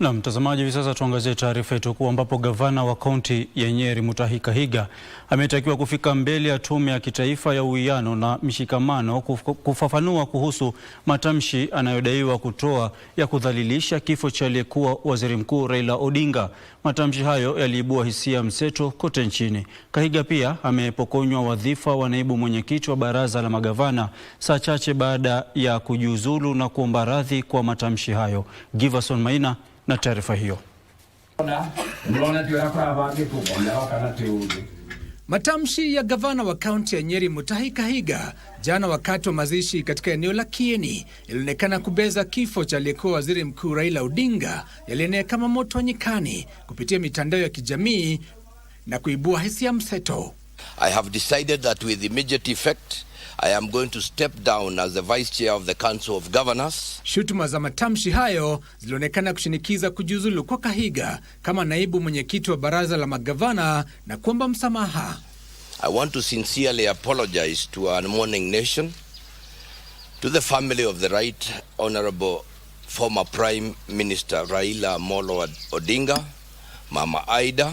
Na mtazamaji, hivi sasa tuangazie taarifa yetu kuu, ambapo gavana wa kaunti ya Nyeri Mutahi Kahiga ametakiwa kufika mbele ya tume ya kitaifa ya uwiano na mshikamano kufafanua kuhusu matamshi anayodaiwa kutoa ya kudhalilisha kifo cha aliyekuwa waziri mkuu Raila Odinga. Matamshi hayo yaliibua hisia mseto kote nchini. Kahiga pia amepokonywa wadhifa wa naibu mwenyekiti wa baraza la magavana saa chache baada ya kujiuzulu na kuomba radhi kwa matamshi hayo. Giverson Maina na taarifa hiyo. Matamshi ya gavana wa kaunti ya Nyeri Mutahi Kahiga jana wakati wa mazishi katika eneo la Kieni yalionekana kubeza kifo cha aliyekuwa waziri mkuu Raila Odinga, yalienea kama moto wa nyikani kupitia mitandao ya kijamii na kuibua hisia mseto. I have decided that with immediate effect I am going to step down as the vice chair of the Council of Governors. Shutuma za matamshi hayo zilionekana kushinikiza kujiuzulu kwa Kahiga kama naibu mwenyekiti wa baraza la magavana na kuomba msamaha. I want to sincerely apologize to our mourning nation, to the family of the right honorable former prime minister Raila Molo Odinga, Mama Aida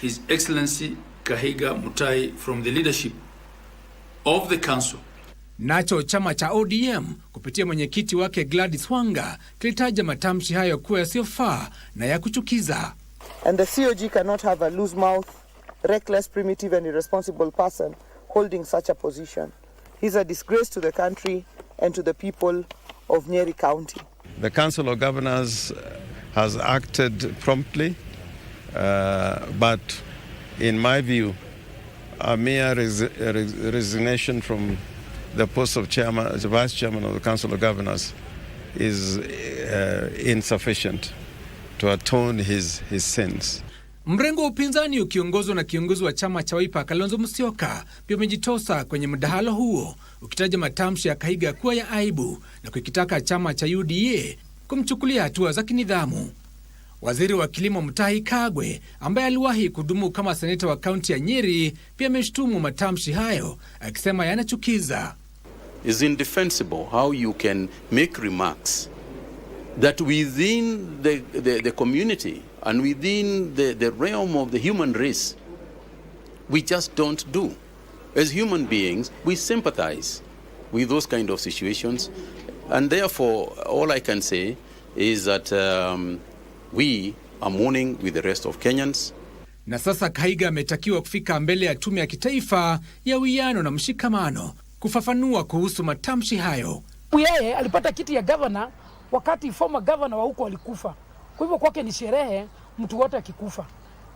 His Excellency Kahiga Mutai from the leadership of the council. Nacho chama cha ODM kupitia mwenyekiti wake Gladys Wanga kilitaja matamshi hayo kuwa yasiyofaa na ya kuchukiza. And the COG cannot have a loose mouth, reckless, primitive and irresponsible person holding such a position. He's a disgrace to the country and to the people of Nyeri County. The Council of Governors uh, has acted promptly. Uh, but in my view, a mere res res resignation from the post of chairman, the vice chairman of the Council of Governors is uh, insufficient to atone his, his sins. Mrengo wa upinzani ukiongozwa na kiongozi wa chama cha Wiper Kalonzo Musyoka pia umejitosa kwenye mdahalo huo ukitaja matamshi ya Kahiga kuwa ya aibu na kukitaka chama cha UDA kumchukulia hatua za kinidhamu. Waziri wa Kilimo Mutahi Kagwe, ambaye aliwahi kudumu kama seneta wa kaunti ya Nyeri, pia ameshutumu matamshi hayo akisema yanachukiza. indefensible how you can make remarks that within the, the, the community and within the, the realm of the human race we just don't do. As human beings, we sympathize with those kind of situations and therefore all I can say is that um, We are mourning with the rest of Kenyans. Na sasa Kaiga ametakiwa kufika mbele ya tume ya kitaifa ya uwiano na mshikamano kufafanua kuhusu matamshi hayo. Yeye alipata kiti ya gavana wakati former gavana wa huko alikufa, kwa hivyo kwake ni sherehe mtu wote akikufa.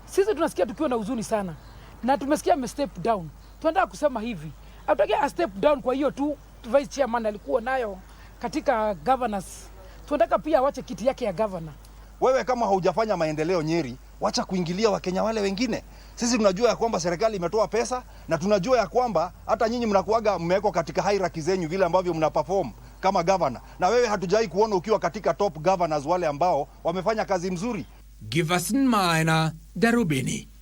Sisi tunasikia tukiwa na huzuni sana, na tumesikia ame step down. Tunataka kusema hivi atake a step down kwa hiyo tu vice chairman alikuwa nayo katika governors. Tunataka pia awache kiti yake ya gavana. Wewe kama haujafanya maendeleo Nyeri, wacha kuingilia Wakenya wale wengine. Sisi tunajua ya kwamba serikali imetoa pesa na tunajua ya kwamba hata nyinyi mnakuaga mmewekwa katika hierarchy zenyu vile ambavyo mnaperform kama governor, na wewe hatujai kuona ukiwa katika top governors wale ambao wamefanya kazi mzuri. us Maina, Darubini.